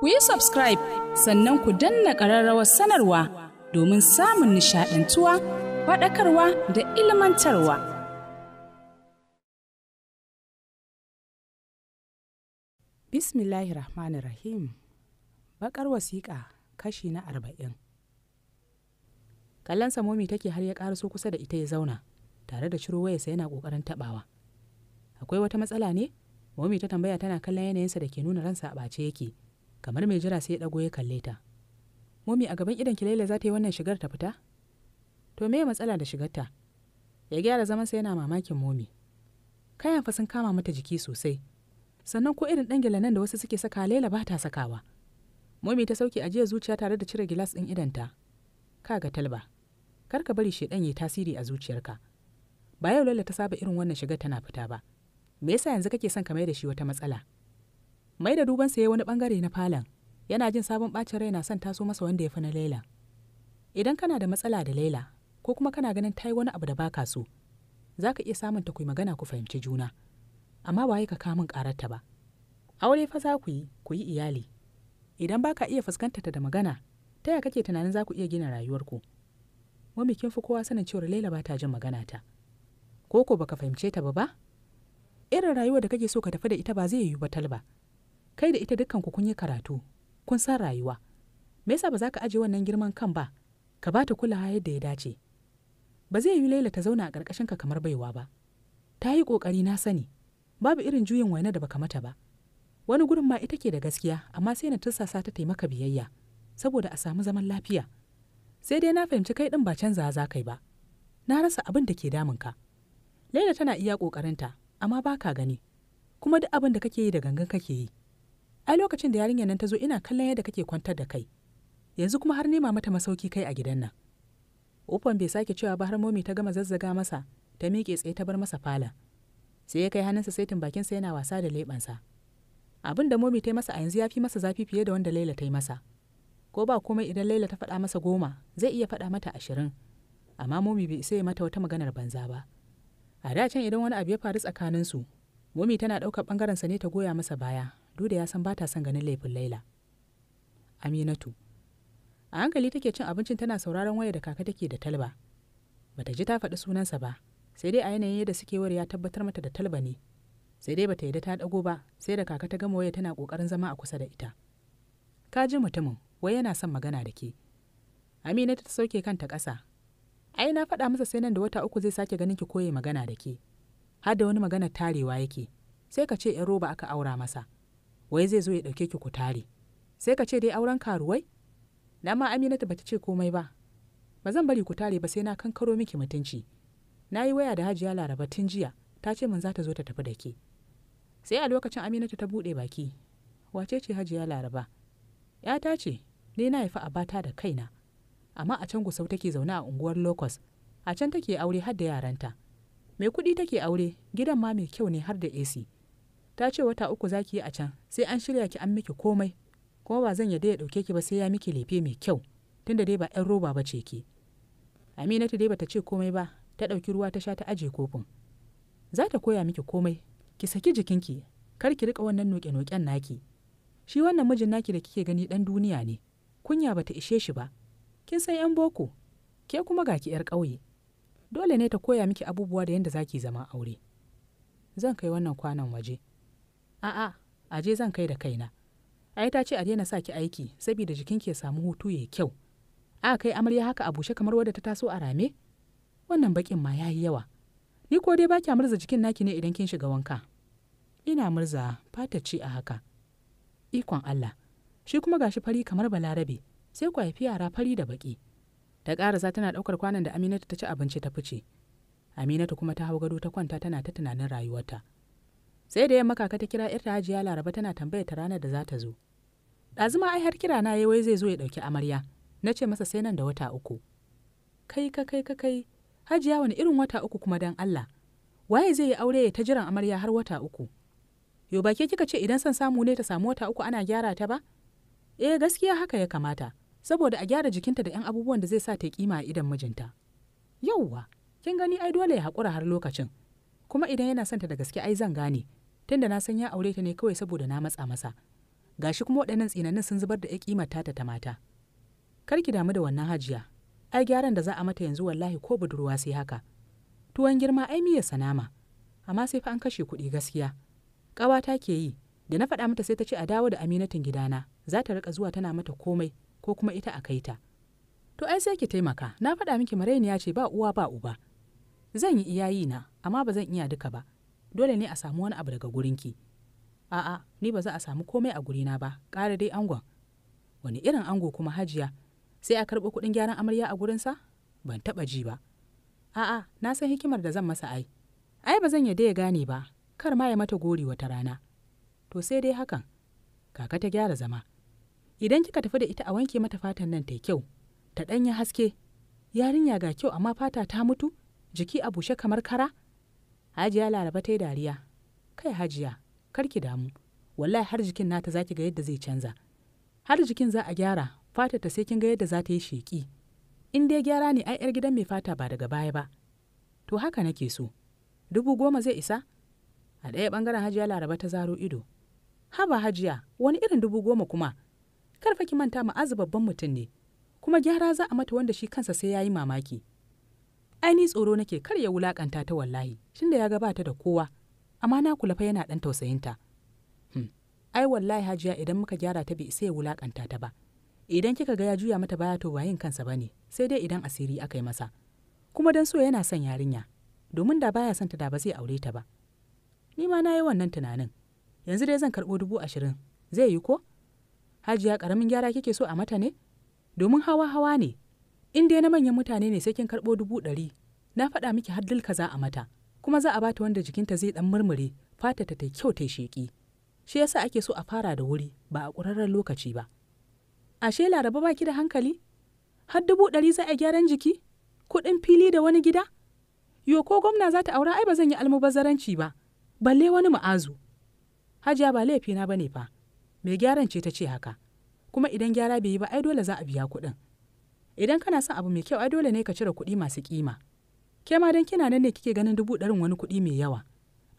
ku yi subscribe sannan ku danna ƙararrawar sanarwa domin samun nishaɗantuwa faɗakarwa da ilmantarwa. Bismillahirrahmanirrahim Bakar Rahim Baƙar wasiƙa kashi na arba'in. Kallon samomi take har ya ƙaraso kusa da ita ya zauna tare da ciro wayarsa yana ƙoƙarin taɓawa. Akwai wata matsala ne? Momi ta tambaya tana kallon yanayinsa da ke nuna ransa a ɓace yake. kamar mai jira sai ya ɗago ya kalle ta momi a gaban idan kilaila za ta yi wannan shigar ta fita to me matsala da shigarta ya gyara zamansa yana mamakin momi kayan fa sun kama mata jiki sosai sannan ko irin ɗan nan da wasu suke saka laila ba ta sakawa momi ta sauke ajiyar zuciya tare da cire gilas ɗin idon ta ka ga talba kar ka bari shedan yi tasiri a zuciyarka ba yau laila ta saba irin wannan shigar tana fita ba me yasa yanzu kake son ka mai da shi wata matsala mai da duban ya wani bangare na falon yana jin sabon bacin rai na son taso masa wanda ya fi na laila idan kana da matsala da laila ko kuma kana ganin ta yi wani abu da baka so za ka iya samun ta ku magana ku fahimci juna amma ba ka kamun kararta ba aure fa za ku yi ku yi iyali idan baka iya fuskantar ta da magana ta ya kake tunanin za ku iya gina rayuwarku mami kin fi kowa sanin cewa laila ba ta jin magana ta ko ko baka fahimce ta ba ba irin rayuwar da kake so ka tafi da ita ba zai yiwu ba talba kai da ita ku kun yi karatu kun san rayuwa me yasa ba za ka aje wannan girman kan ba ka ba ta kulawa yadda ya dace ba zai yi laila ta zauna a ƙarƙashinka kamar baiwa ba ta yi ƙoƙari na sani babu irin juyin waina da baka mata ba wani gurin ma ita ke da gaskiya amma sai na tursasa ta taimaka biyayya saboda a samu zaman lafiya sai dai na fahimci kai ɗin ba canza za kai ba na rasa abin da ke ka. laila tana iya ƙoƙarinta amma ba ka gani kuma duk abin da kake yi da gangan kake yi ai lokacin da yarinyar nan ta zo ina kallon yadda kake kwantar da kai yanzu kuma har nema mata masauki kai a gidan nan Uban bai sake cewa ba har momi ta gama zazzaga masa ta miƙe tsaye ta bar masa fala sai ya kai hannunsa saitin bakinsa yana wasa da leɓansa abin da momi ta yi masa a yanzu ya fi masa zafi fiye da wanda laila ta yi masa ko ba komai idan laila ta faɗa masa goma zai iya faɗa mata ashirin amma momi bai isa ya mata wata maganar banza ba a da can idan wani abu ya faru tsakaninsu momi tana ɗaukar sa ne ta goya masa baya Duda ya san ba ta son ganin laifin Laila. Aminatu. A hankali take cin abincin tana sauraron waya da kaka take da Talba. Bata ji ta faɗi sunansa ba, sai dai a yanayin yadda suke wari ya tabbatar mata da Talba ne. Sai dai bata da ta ɗago ba, sai da kaka ta gama waya tana ƙoƙarin zama a kusa da ita. Ka ji mutumin, wai yana son magana da ke. Aminatu ta sauke kanta ƙasa. Ai na faɗa masa sai nan da wata uku zai sake ganin ki koye magana da ke. Har da wani maganar tarewa yake. Sai ka ce 'yan roba aka aura masa.' wai zai zo ya ɗauke ki ku tare sai ka ce dai auren karuwai na ma aminatu bata ce komai ba ba zan bari ku tare ba sai na kankaro miki mutunci na yi waya da hajiya laraba tun jiya ta ce min za ta zo ta tafi da ke sai a lokacin aminatu ta buɗe baki wace ce hajiya laraba yata ce ni na haifi bata da kaina amma a can gusau take zaune a unguwar locust a can take aure har da yaranta mai kuɗi take aure gidan ma mai kyau ne har da ac ta ce wata uku za ki yi a can sai an shirya ki an miki komai kuma ba zan yadda ya ɗauke ki ba sai ya miki lefe mai kyau tunda dai ba 'yan roba ba ce ki aminatu dai bata ce komai ba ta ɗauki ruwa ta sha ta aje kofin za ta koya miki komai ki saki jikinki kar ki rika wannan noke-noken naki shi wannan mijin naki da kike gani ɗan duniya ne kunya bata ishe shi ba kin san 'yan boko ke kuma ga ki 'yar ƙauye dole ne ta koya miki abubuwa da yadda za ki zama aure zan kai wannan kwanan waje a'a a je zan kai da kaina ai ta ce a daina sa ki aiki saboda ki ya samu hutu yayi kyau a kai amarya haka a bushe kamar wadda ta taso a rame wannan bakin ma yayi yawa ni ko dai baki murza jikin naki ne idan kin shiga wanka ina murza fata ce a haka ikon Allah shi kuma gashi fari kamar balarabe sai ku haifi yara fari da baki ta ƙarasa tana ɗaukar kwanan da Aminatu ta ci abinci ta fice Aminatu kuma ta hau gado ta kwanta tana ta tunanin rayuwarta. sai da yamma kaka ta kira irta hajiya laraba tana tambayar ta ranar da za ta zo ɗazuma ai har kira na wai zai zo ya ɗauki amarya na ce masa sai nan da wata uku kai ka kai ka kai hajiya wani irin wata uku kuma dan allah waye zai yi aure ya ta jiran amarya har wata uku yo ba ke kika ce idan son samu ne ta samu wata uku ana gyara ta ba e gaskiya haka ya kamata saboda a gyara jikinta da 'yan abubuwan da zai sa ta kima a idan mijinta yauwa kin gani ai dole ya haƙura har lokacin kuma idan yana son ta da gaske ai zan gane tunda na san ya aure ta ne kawai saboda na matsa masa gashi kuma waɗannan tsinanin sun zubar da ya kimar tata ta mata kar ki damu da wannan hajiya ai gyaran da za a mata yanzu wallahi ko budurwa sai haka tuwon girma ai miyar sanama amma sai fa an kashe kuɗi gaskiya ƙawata ke yi da na faɗa mata sai ta ce a dawo da aminatin gidana za ta rika zuwa tana mata komai ko kuma ita a kaita to ai sai ki taimaka na faɗa miki Maraini ya ce ba uwa ba uba zan yi iyayi na amma ba zan iya duka ba dole ne a samu wani abu daga gurin ki. a'a ni ba za a samu komai a gurina ba ƙara dai angon wani irin ango kuma hajiya sai a karɓi kuɗin gyaran amarya a gurinsa ban taɓa ji ba a'a na san hikimar da zan masa ai ai ba zan yadda ya gane ba kar ma ya mata gori wata rana to sai dai hakan kaka ta gyara zama idan kika tafi da ita a wanke mata fatan nan ta kyau ta ɗanya haske yarinya ga kyau amma fata ta mutu jiki a bushe kamar kara hajiya laraba ta yi dariya kai hajiya kar ki damu wallahi har jikin nata za ki ga yadda zai canza har jikin za a gyara fata ta sai kin ga yadda za ta yi sheƙi in dai gyara ne ai yar gidan mai fata ba daga baya ba to haka nake so dubu goma zai isa a ɗaya ɓangaren hajiya laraba ta zaro ido haba hajiya wani irin dubu goma kuma karfa ki manta ma'azu babban mutum ne kuma gyara za a mata wanda shi kansa sai ya yi mamaki ai ni tsoro nake kar ya wulakanta ta wallahi da ya gabata da kowa amma na kula fa yana dan tausayinta hmm. ai wallahi hajiya idan muka gyara ta bai isa ya wulaƙanta ta ba idan kika ga ya juya mata baya to ba yin kansa bane sai dai idan asiri aka yi masa kuma dan so yana son yarinya domin da baya son ta da ba zai aure ta ba ni ma na yi wannan tunanin yanzu dai zan karɓo dubu ashirin zai yi ko hajiya ƙaramin gyara kike so a mata ne domin hawa hawa ne in dai na manyan mutane ne sai kin karɓo dubu ɗari na faɗa miki har haddil kaza a mata kuma za a bata wanda jikinta zai ɗan murmure fata ta kyau ta sheƙi shi yasa ake so a fara da wuri ba a ƙurarren lokaci ba ashe laraba ki da hankali har dubu ɗari za a gyaran jiki kuɗin fili da wani gida yo ko gwamna za ta aura ai ba zan yi almubazzaranci ba balle wani ma'azu hajiya ba laifina ba ne fa mai gyaran ce ta ce haka kuma idan gyara bai yi ba ai dole za a biya kuɗin idan kana son abu mai kyau ai dole ne ka cire kuɗi masu kima ke ma dan kina nan ne kike ganin dubu ɗarin wani kuɗi mai yawa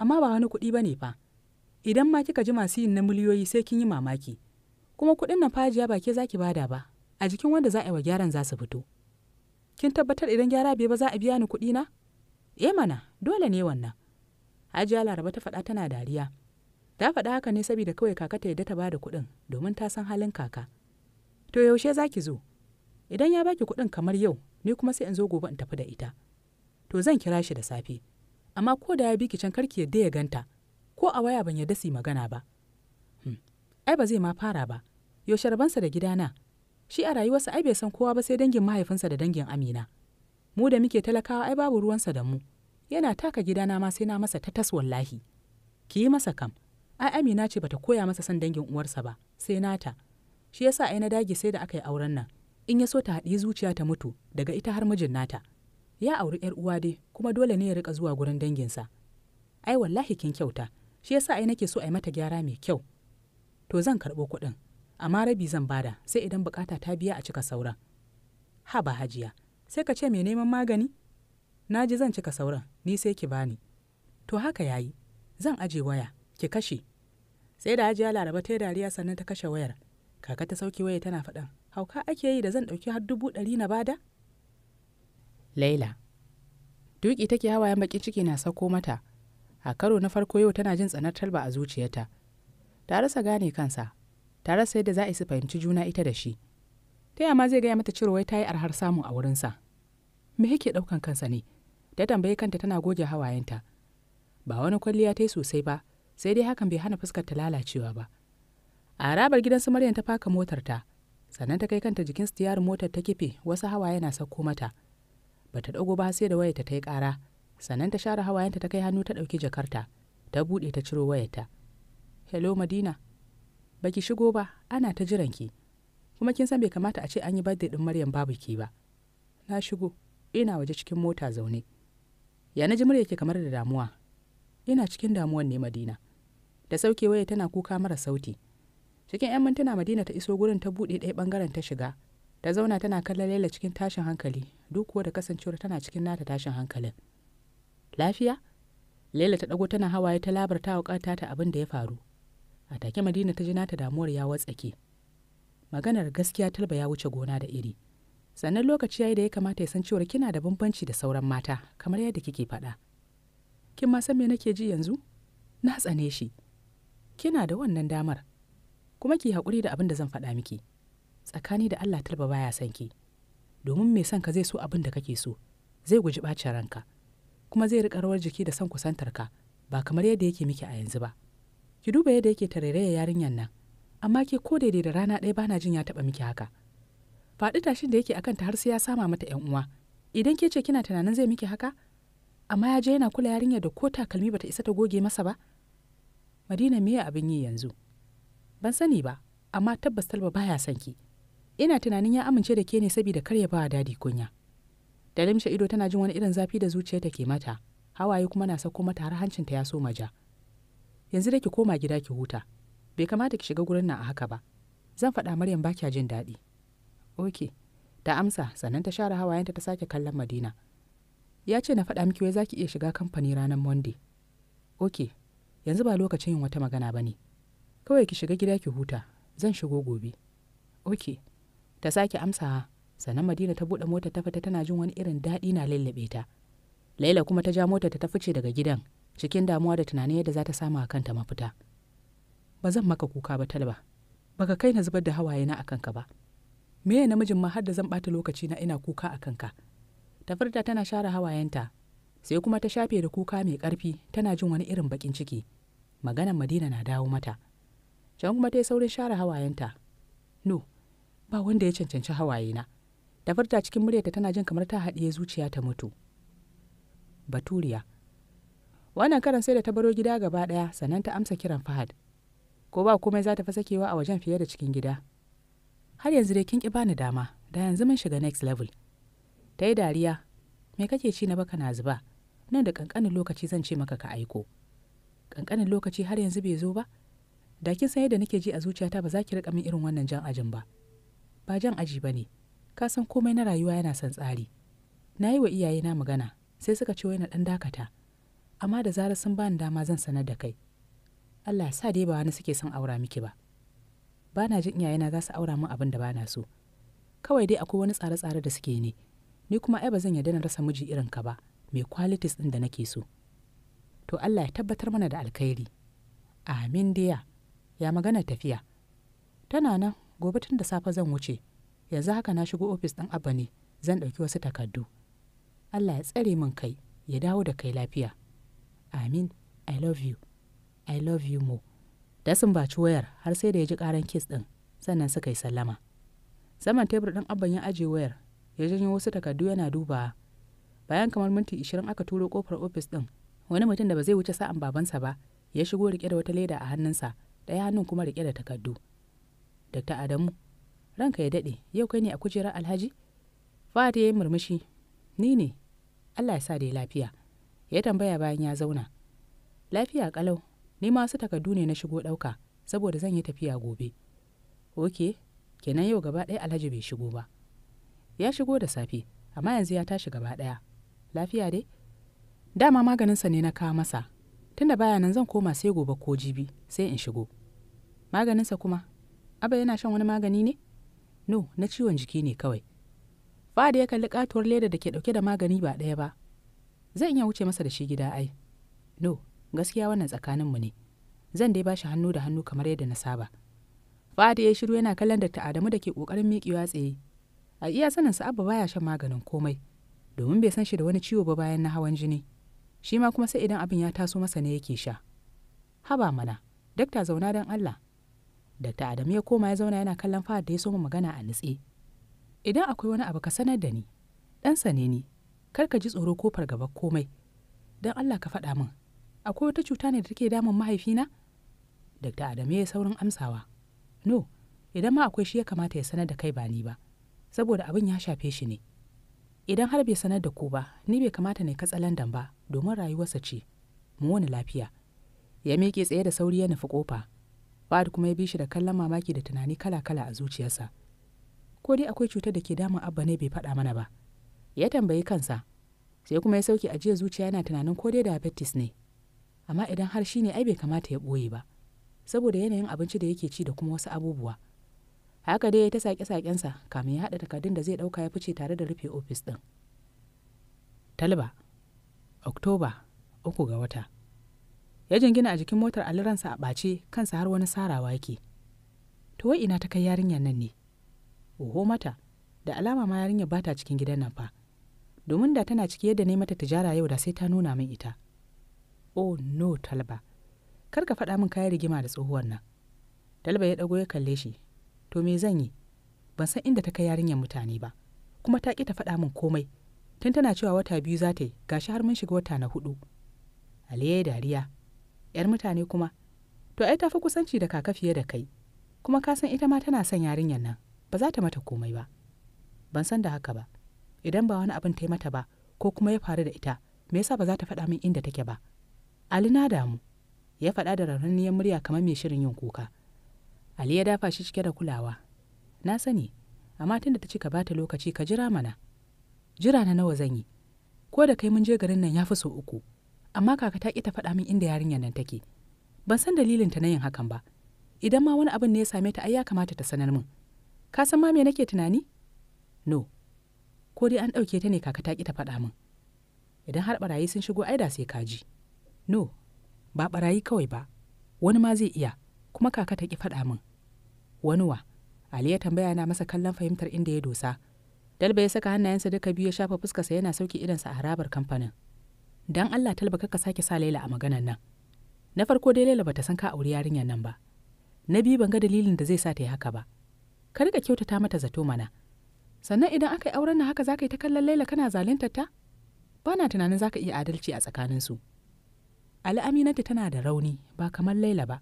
amma ba wani kuɗi bane fa idan ma kika ji masu yin na miliyoyi sai kin yi mamaki kuma kuɗin nan fajiya ba ke zaki bada ba a jikin wanda za a wa gyaran za su fito kin tabbatar idan gyara bai ba za a biya ni kuɗi na e eh mana dole ne wannan hajiya laraba ta faɗa tana dariya ta faɗa haka ne saboda kawai kaka ta yadda ta bada kuɗin domin ta san halin kaka to yaushe za ki zo idan ya baki kuɗin kamar yau ni kuma sai in zo gobe in tafi da ita to zan kira shi da safe amma ko da ya bi ki can karki yadda ya ganta ko a waya ban yarda su magana ba hmm, ai ba zai ma fara ba yaushe rabansa da gidana shi a rayuwarsa ai bai san kowa ba sai dangin mahaifinsa da dangin amina mu da muke talakawa ai babu ruwansa da mu yana taka gidana ma sai na masa ta tas wallahi ki yi masa kam ai amina ce bata koya masa san dangin uwarsa ba sai nata shi yasa ai na dage sai da aka yi auren nan in ya so ta haɗi zuciya ta mutu daga ita har mijin nata ya auri yar uwa dai kuma dole ne ya rika zuwa gurin danginsa ai wallahi kin kyauta shi yasa ai nake so ai mata gyara mai kyau to zan karɓo kuɗin amma rabi zan bada sai idan bukata ta biya a cika sauran ha ba hajiya sai ka ce mai neman magani na ji zan cika sauran ni sai ki bani to haka yayi zan aje waya ki kashe sai da hajiya laraba ta yi dariya sannan ta kashe wayar kaka ta sauki waya tana faɗan hauka ake yi da zan ɗauki har dubu ɗari na bada? Laila. Duki take hawayen bakin ciki na sako mata. A karo na farko yau tana jin tsanar talba a zuciyarta. Ta rasa gane kansa. Ta rasa yadda za a su fahimci juna ita da shi. Ta yama zai gaya mata cewa ta yi arhar samu a wurinsa. Me yake ɗaukan kansa ne? Ta tambaye kanta tana goge hawayenta. Ba wani kwalliya ta yi sosai ba, sai dai hakan bai hana fuskar ta lalacewa ba. A harabar gidan su Maryam ta faka motar ta, sannan ta kai kanta jikin stiyar motar ta kife wasu hawa yana sauko mata ba ta dago ba sai da wayarta ta yi kara sannan ta share hawayenta ta kai hannu ta dauki jakarta ta bude ta ciro wayarta hello madina baki shigo ba ana ta jiran ki kuma kin san bai kamata a ce an yi birthday din maryam babu ki ba na shigo ina waje cikin mota zaune ya naji murya ke kamar da damuwa ina cikin damuwan ne madina da sauke waya tana kuka mara sauti cikin 'yan mintuna madina ta iso gurin ta buɗe ɗaya ɓangaren ta shiga ta zauna tana kallon laila cikin tashin hankali duk kuwa da kasancewar tana cikin nata tashin hankalin lafiya laila ta ɗago tana hawaye ta labarta wa ƙata ta abin da ya faru a take madina ta ji nata damuwar ya watsake maganar gaskiya talba ya wuce gona da iri sannan lokaci yayi da ya kamata ya san cewar kina da bambanci da sauran mata kamar yadda kike faɗa kin ma san me nake ji yanzu na tsane shi kina da wannan damar kuma ki haƙuri da abin da zan faɗa miki tsakani da Allah talba baya son ki domin mai son ka zai so abin da kake so zai guji ɓacin ranka kuma zai riƙa rawar jiki da son kusantar ka ba kamar yadda yake miki a yanzu ba ki duba yadda yake tarairaya yarinyar nan amma ke ko daidai da rana ɗaya bana jin ya taɓa miki haka faɗi tashin da yake akan ta har sai ya sama mata ƴan uwa idan ke ce kina tunanin zai miki haka amma ya je yana kula yarinyar da ko takalmi bata isa ta goge masa ba madina me abin yi yanzu ban sani ba amma tabbas talba baya son ki ina tunanin ya amince da ke ne saboda kar ya ba dadi kunya da limshe ido tana jin wani irin zafi da zuciyarta ke mata hawaye kuma na sauko mata har hancinta ya so maja yanzu da ki koma gida ki huta bai kamata ki shiga gurin nan a haka ba zan faɗa maryam ba kya jin daɗi oke ta amsa sannan ta share hawayenta ta sake kallon madina ya ce na faɗa miki wai za ki iya shiga kamfani ranar monday oke yanzu ba lokacin yin wata magana ba ne kawai ki shiga gida ki huta zan shigo gobe ok ta sake amsa sannan madina ta buɗe mota ta fita tana jin wani irin daɗi na lallaɓe ta laila kuma ta ja mota ta fice daga gidan cikin damuwa da tunanin yadda za ta samu a kanta mafita ba zan maka kuka ba talba baka kai na zubar da hawaye na a kanka ba me ya namijin ma har da zan ɓata lokaci na ina kuka a kanka ta furta tana share hawayenta sai kuma ta shafe da kuka mai ƙarfi tana jin wani irin baƙin ciki maganan madina na dawo mata Shan kuma ta yi saurin share hawayenta no ba wanda ya cancanci hawayena da farta cikin muryarta tana jin kamar ta haɗiye zuciya ta mutu baturiya wannan karan sai da ta baro gida gaba ɗaya sannan ta amsa kiran fahad ko ba komai za ta fi sakewa a wajen fiye da cikin gida har yanzu dai kin ki bani dama da yanzu mun shiga next level ta yi dariya me kake ci na baka na zuba nan da kankanin lokaci zan ce maka ka aiko kankanin lokaci har yanzu bai zo ba da kin san yadda nake ji a zuciyata ba za ki riƙa min irin wannan jan ajin ba ba jan aji ba ne ka san komai na rayuwa yana son tsari na yi wa iyayena magana sai suka ce na ɗan dakata amma da zarar sun bani dama zan sanar da kai allah ya sa dai ba wani suke son aura miki ba ba na jin iyayena za su aura min abin da ba na so kawai dai akwai wani tsare-tsare da suke ne ni kuma ai ba zan yarda na rasa miji irin ka ba mai kwalitis ɗin da nake so to allah ya tabbatar mana da alkhairi amin dai ya magana tafiya tana nan gobe tun da safe zan wuce yanzu haka na shigo ofis ɗin abba ne zan ɗauki wasu takardu allah ya tsare min kai ya dawo da kai lafiya amin i love you i love you mo da sumbaci wayar har sai da ya ji ƙaran kes ɗin sannan suka yi sallama saman tebur ɗin abban ya aje wayar ya janyo wasu takardu yana dubawa bayan kamar minti ishirin aka turo kofar ofis ɗin wani mutum da ba zai wuce sa'an babansa ba ya shigo rike da wata leda a hannunsa ɗaya hannun kuma riƙe da takardu dr adamu ranka ya daɗe yau kai ne a kujerar alhaji fahad ya yi murmushi ni ne allah ya sa da lafiya ya tambaya bayan ya zauna lafiya kalau ni ma su takardu ne na shigo ɗauka saboda zan yi tafiya gobe oke kenan yau gaba ɗaya alhaji bai shigo ba ya shigo da safe amma yanzu ya tashi gaba ɗaya lafiya dai dama maganinsa ne na kawo masa tunda baya nan zan koma sai gobe ko jibi sai in shigo maganinsa kuma aba yana shan wani magani ne no na ciwon jiki ne kawai fada ya kalli katuwar leda da ke dauke da magani ba ɗaya ba zan iya wuce masa da shi gida ai no gaskiya wannan tsakaninmu ne zan dai bashi hannu da hannu kamar yadda na saba fada ya shiru yana kallon dakta adamu da ke kokarin miƙewa tsaye a iya sanin sa abba baya shan maganin komai domin bai san shi da wani ciwo ba bayan na hawan jini shi ma kuma sai idan abin ya taso masa ne yake sha haba mana dakta zauna don allah dakta adamu ya koma ya zauna yana kallon fahad da ya soma magana a nutse idan akwai wani abu ka sanar da ni ɗansa ne ni kar ka ji tsoro ko fargaba komai don allah ka faɗa min akwai wata cuta ne da take damun mahaifina dakta adamu ya saurin amsawa no idan ma akwai shi ya kamata ya sanar da kai ba ni ba saboda abin ya shafe shi ne idan har bai sanar da ku ba ni bai kamata ne ka katsalandan ba domin rayuwarsa ce mu wani lafiya ya miƙe tsaye da sauri ya nufi kofa. Fahad kuma ya bi shi da kallon mamaki da tunani kala-kala a zuciyarsa. Ko dai akwai cutar da ke damun Abba ne bai faɗa mana ba. Ya tambayi kansa, sai kuma ya sauke ajiyar zuciya yana tunanin ko dai diabetes ne. Amma idan har shi ne ai bai kamata ya ɓoye ba, saboda yanayin abinci da yake ci da kuma wasu abubuwa. Haka dai ya ta saƙe-saƙensa kamin ya haɗa takardun da zai ɗauka ya fice tare da rufe ofis ɗin. Talba, oktoba uku ga wata ya jingina a jikin motar aliransa a ɓace kansa har wani sarawa yake to wai ina ta kai yarinyar nan ne oho mata da alama ma yarinyar ba ta cikin gidan nan fa domin da tana ciki yadda ne mata tijara yau da sai ta nuna min ita oh no talba kar ka faɗa min kayan rigima da tsohuwar nan talba ya ɗago ya kalle shi to me zan yi ban san inda ta kai yarinyar mutane ba kuma ta ƙi ta faɗa min komai tun tana cewa wata biyu za ta yi gashi har mun shiga wata na hudu aliya dariya yar mutane kuma to ai tafi kusanci da kaka fiye da kai kuma ka san ita ma tana son yarinyar nan ba za ta mata komai ba ban san da haka ba idan ba wani abin ta yi mata ba ko kuma ya faru da ita me yasa ba za ta faɗa min inda take ba ali na damu ya faɗa da rarraniyar murya kamar mai shirin yin kuka ali ya dafa shi cike da kulawa na sani amma tun da ta ci ka bata lokaci ka jira mana jira na nawa zan yi ko da kai mun je garin nan ya fi sau uku amma kaka ta ƙi faɗa min inda yarinyar nan take ban san dalilin ta na yin hakan ba idan ma wani abin ne ya same ta ai ya kamata ta sanar min ka san ma me nake tunani no ko dai an ɗauke ta ne kaka ta ƙi faɗa min idan har barayi sun shigo ai da sai ka ji no ba barayi kawai ba wani ma zai iya kuma kaka ta ƙi faɗa min wani wa ali ya tambaya na masa kallon fahimtar inda ya dosa Dalba ya saka hannayensa duka biyu ya shafa fuskarsa yana sauki idansa a harabar kamfanin. Dan Allah Talba kaka sake sa Laila a maganar nan. Na farko dai Laila bata san ka auri yarinyar nan ba. Na biyu ban ga dalilin da zai sa ta yi haka ba. Ka riƙa kyautata mata zato mana. Sannan idan aka yi auren nan haka za ka yi ta kallon Laila kana zaluntar ta? Ba na tunanin za ka iya adalci a tsakaninsu. Ali Aminatu tana da rauni ba kamar Laila ba.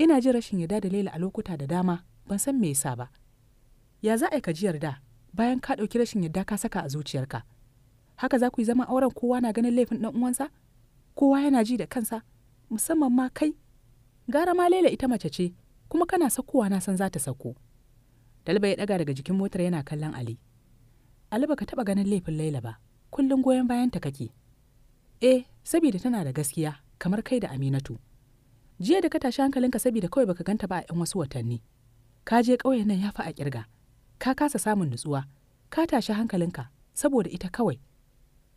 Ina ji rashin yarda da Laila a lokuta da dama ban san me yasa ba. Ya za a yi ka ji yarda bayan ka ɗauki rashin yadda ka saka a zuciyarka haka za ku yi zama auren kowa na ganin laifin ɗan uwansa kowa yana ji da kansa musamman ma kai gara ma lela ita mace ce kuma kana sakowa na san za ta sako dalba ya ɗaga daga jikin motar yana kallon ali ali baka taɓa ganin laifin laila ba kullum goyon bayan ta kake eh saboda tana da gaskiya kamar kai da aminatu jiya da ka tashi hankalinka saboda kawai baka ganta ba a 'yan wasu watanni ka je ƙauyen nan ya fa a kirga ka kasa samun nutsuwa ka tashi hankalinka saboda ita kawai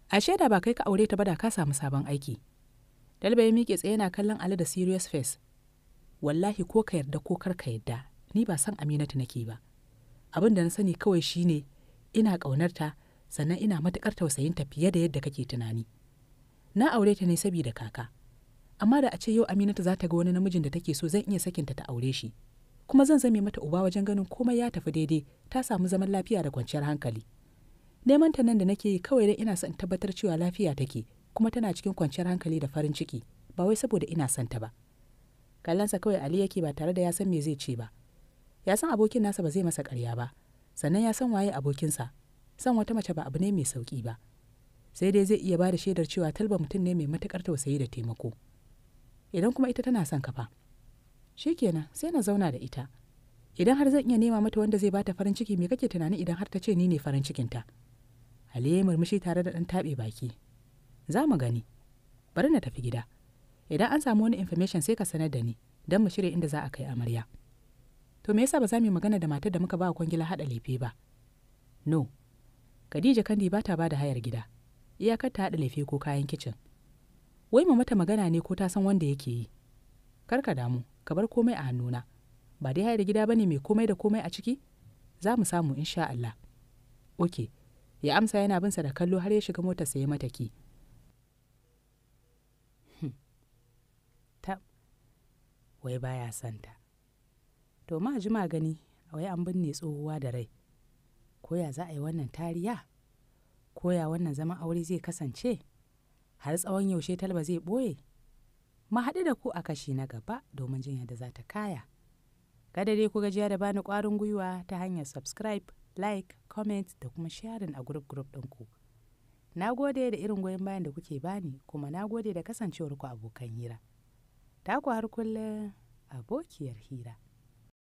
a shaida ba kai ka aure ta ba da ka samu sabon aiki Dalibai ya miƙe tsaye yana kallon ali da serious face wallahi ko ka yarda ko kar ka yarda ni ba san aminatu nake ba abin da na sani kawai shine ina ƙaunarta sannan ina matuƙar tausayinta fiye da yadda kake tunani na aure ta ne saboda kaka amma da a ce yau aminatu za ta ga wani namijin da take so zan iya sakinta ta aure shi kuma zan zame mata uba wajen ganin komai ya tafi daidai ta samu zaman lafiya da kwanciyar hankali neman ta nan da nake yi kawai dai ina son tabbatar cewa lafiya take kuma tana cikin kwanciyar hankali da farin ciki ba wai saboda ina son ta ba kallansa kawai ali yake ba tare da ya san me zai ce ba ya san abokin nasa ba zai masa karya ba sannan ya san waye abokinsa san wata mace ba abu ne mai sauƙi ba sai dai zai iya ba da shaidar cewa talba mutum ne mai matuƙar tausayi da taimako idan kuma ita tana son kafa. fa shikenan sai na zauna da ita idan har zan iya nema mata wanda zai bata farin ciki me kake tunani idan har ta ce ni ne farin cikinta ali ya murmushi tare da ɗan taɓe baki za mu gani bari na tafi gida idan an samu wani information sai ka sanar da ni don mu shirya inda za a kai amarya to me yasa ba za mu magana da matar da muka ba kwangila haɗa lefe ba no khadija kandi ba ta ba da hayar gida iyakar ta haɗa lefe ko kayan kicin wai mu mata magana ne ko ta san wanda yake yi kar ka damu ka bar komai a hannuna ba dai haida gida bane mai komai da komai a ciki za mu samu insha Allah ok ya amsa yana bin sa da kallo har ya shiga motar sai mata ki hmm. wai baya santa to ma ji gani wai an binne tsohuwa da rai koya za a yi wannan tariya koya wannan zaman aure zai kasance har tsawon yaushe talba zai ɓoye mu haɗu da ku a kashi na gaba domin jin yadda za ta kaya. Kada dai ku gajiya da bani ƙwarin gwiwa ta hanyar subscribe, like, comment da kuma sharing a group group ɗinku. Na gode da irin goyon bayan da kuke bani kuma na gode da kasancewar ku abokan hira. Taku har kullum abokiyar hira.